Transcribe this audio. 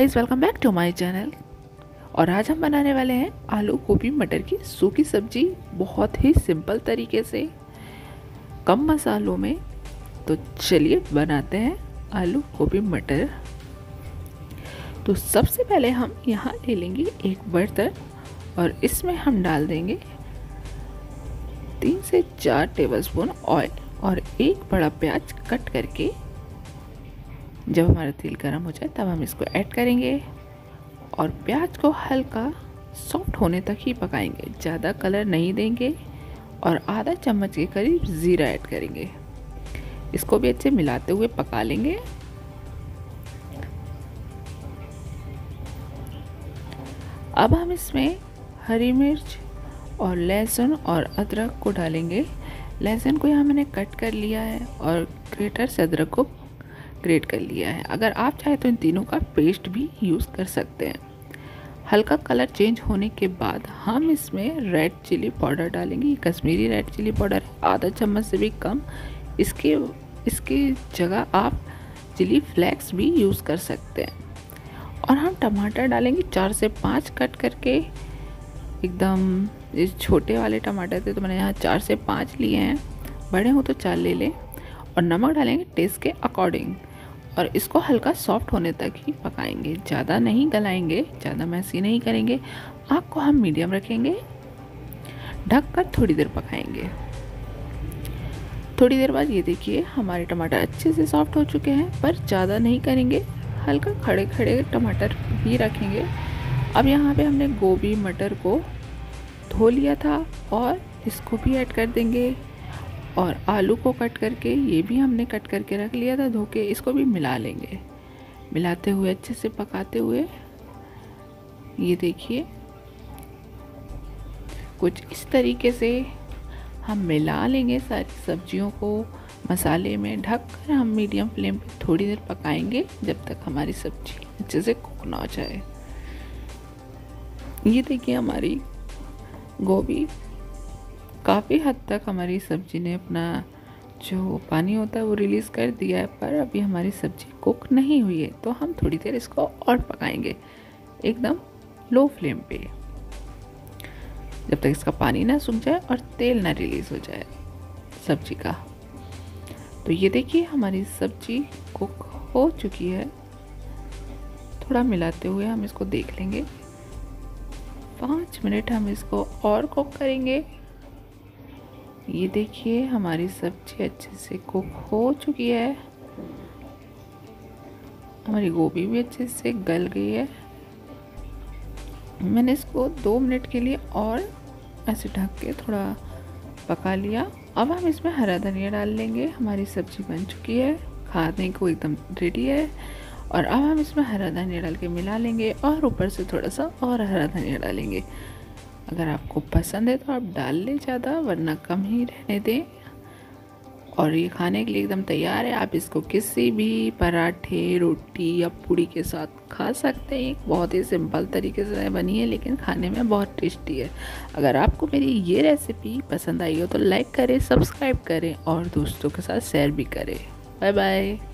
is welcome back to my channel और आज हम बनाने वाले हैं आलू गोभी मटर की सूखी सब्जी बहुत ही सिंपल तरीके से कम मसालों में तो चलिए बनाते हैं आलू गोभी मटर तो सबसे पहले हम यहाँ ले लेंगे एक बर्तन और इसमें हम डाल देंगे तीन से चार टेबलस्पून ऑयल और एक बड़ा प्याज कट करके जब हमारा तेल गर्म हो जाए तब हम इसको ऐड करेंगे और प्याज को हल्का सॉफ्ट होने तक ही पकाएंगे ज़्यादा कलर नहीं देंगे और आधा चम्मच के करीब ज़ीरा ऐड करेंगे इसको भी अच्छे मिलाते हुए पका लेंगे अब हम इसमें हरी मिर्च और लहसुन और अदरक को डालेंगे लहसुन को यहाँ मैंने कट कर लिया है और ग्रेटर से अदरक को ग्रेट कर लिया है अगर आप चाहें तो इन तीनों का पेस्ट भी यूज़ कर सकते हैं हल्का कलर चेंज होने के बाद हम इसमें रेड चिली पाउडर डालेंगे ये कश्मीरी रेड चिली पाउडर आधा चम्मच से भी कम इसके इसकी जगह आप चिली फ्लेक्स भी यूज़ कर सकते हैं और हम टमाटर डालेंगे चार से पाँच कट करके एकदम इस छोटे वाले टमाटर थे तो मैंने यहाँ चार से पाँच लिए हैं बड़े हों तो चार ले लें और नमक डालेंगे टेस्ट के अकॉर्डिंग और इसको हल्का सॉफ्ट होने तक ही पकाएंगे ज़्यादा नहीं गलाएंगे ज़्यादा मैसी नहीं करेंगे आग को हम मीडियम रखेंगे ढक कर थोड़ी देर पकाएंगे थोड़ी देर बाद ये देखिए हमारे टमाटर अच्छे से सॉफ्ट हो चुके हैं पर ज़्यादा नहीं करेंगे हल्का खड़े खड़े टमाटर भी रखेंगे अब यहाँ पे हमने गोभी मटर को धो लिया था और इसको भी ऐड कर देंगे और आलू को कट करके ये भी हमने कट करके रख लिया था धो के इसको भी मिला लेंगे मिलाते हुए अच्छे से पकाते हुए ये देखिए कुछ इस तरीके से हम मिला लेंगे सारी सब्जियों को मसाले में ढक कर हम मीडियम फ्लेम पे थोड़ी देर पकाएंगे जब तक हमारी सब्जी अच्छे से कुक ना हो जाए ये देखिए हमारी गोभी काफ़ी हद तक हमारी सब्ज़ी ने अपना जो पानी होता है वो रिलीज़ कर दिया है पर अभी हमारी सब्ज़ी कुक नहीं हुई है तो हम थोड़ी देर इसको और पकाएंगे एकदम लो फ्लेम पे जब तक इसका पानी ना सूख जाए और तेल ना रिलीज़ हो जाए सब्ज़ी का तो ये देखिए हमारी सब्ज़ी कुक हो चुकी है थोड़ा मिलाते हुए हम इसको देख लेंगे पाँच मिनट हम इसको और कुक करेंगे ये देखिए हमारी सब्जी अच्छे से कुक हो चुकी है हमारी गोभी भी अच्छे से गल गई है मैंने इसको दो मिनट के लिए और ऐसे ढक के थोड़ा पका लिया अब हम इसमें हरा धनिया डाल लेंगे हमारी सब्जी बन चुकी है खाने को एकदम रेडी है और अब हम इसमें हरा धनिया डाल के मिला लेंगे और ऊपर से थोड़ा सा और हरा धनिया डालेंगे अगर आपको पसंद है तो आप डाल लें ज़्यादा वरना कम ही रहने दें और ये खाने के लिए एकदम तैयार है आप इसको किसी भी पराठे रोटी या पूड़ी के साथ खा सकते हैं बहुत ही सिंपल तरीके से बनी है लेकिन खाने में बहुत टेस्टी है अगर आपको मेरी ये रेसिपी पसंद आई हो तो लाइक करें सब्सक्राइब करें और दोस्तों के साथ शेयर भी करें बाय बाय